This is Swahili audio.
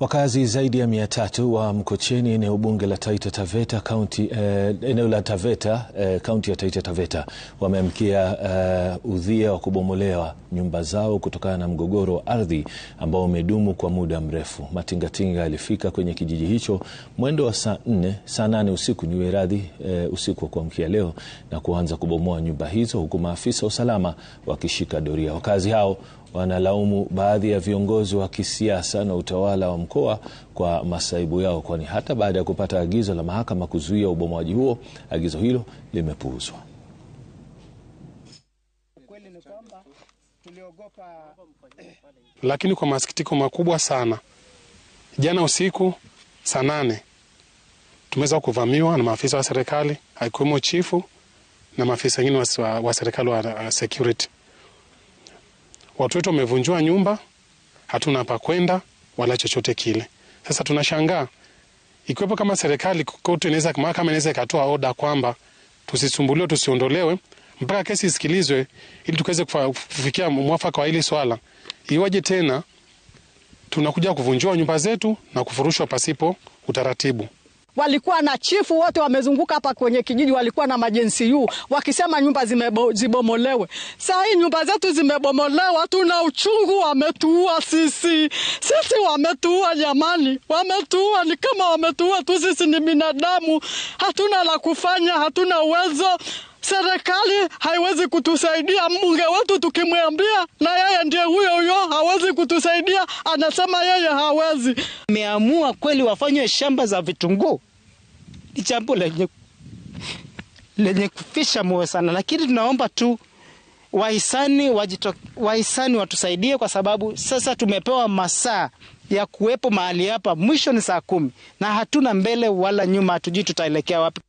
Wakazi zaidi ya mia tatu wa Mkocheni, eneo bunge la Taita Taveta kaunti, eh, eneo la Taveta eh, kaunti ya Taita Taveta wameamkia eh, udhia wa kubomolewa nyumba zao kutokana na mgogoro wa ardhi ambao umedumu kwa muda mrefu. Matingatinga yalifika kwenye kijiji hicho mwendo wa saa nne saa nane usiku ni weradhi eh, usiku wa kuamkia leo na kuanza kubomoa nyumba hizo, huku maafisa wa usalama wakishika doria. Wakazi hao wanalaumu baadhi ya viongozi wa kisiasa na utawala wa mkoa kwa masaibu yao, kwani hata baada ya kupata agizo la mahakama kuzuia ubomoaji huo, agizo hilo limepuuzwa. Lakini kwa masikitiko makubwa sana, jana usiku saa nane tumeweza kuvamiwa na maafisa wa serikali akiwemo chifu na maafisa wengine wa serikali wa security watu wetu wamevunjua nyumba, hatuna pa kwenda wala chochote kile. Sasa tunashangaa ikiwepo kama serikali kote inaweza, mahakama inaweza ikatoa oda kwamba tusisumbuliwe, tusiondolewe mpaka kesi isikilizwe ili tukaweze kufikia mwafaka wa hili swala. Iwaje tena tunakuja kuvunjiwa nyumba zetu na kufurushwa pasipo utaratibu walikuwa na chifu wote wamezunguka hapa kwenye kijiji, walikuwa na majensi yu wakisema nyumba zibomolewe. Saa hii nyumba zetu zimebomolewa, tuna uchungu, wametuua sisi, sisi wametuua jamani, wametuua ni kama wametuua tu. Sisi ni binadamu, hatuna la kufanya, hatuna uwezo Serikali haiwezi kutusaidia. Mbunge wetu tukimwambia, na yeye ndiye huyo huyo, hawezi kutusaidia, anasema yeye hawezi. Ameamua kweli wafanye shamba za vitunguu ni jambo lenye, lenye kufisha moyo sana, lakini tunaomba tu wahisani wajito, wahisani watusaidie kwa sababu sasa tumepewa masaa ya kuwepo mahali hapa. Mwisho ni saa kumi na hatuna mbele wala nyuma, hatujui tutaelekea wapi.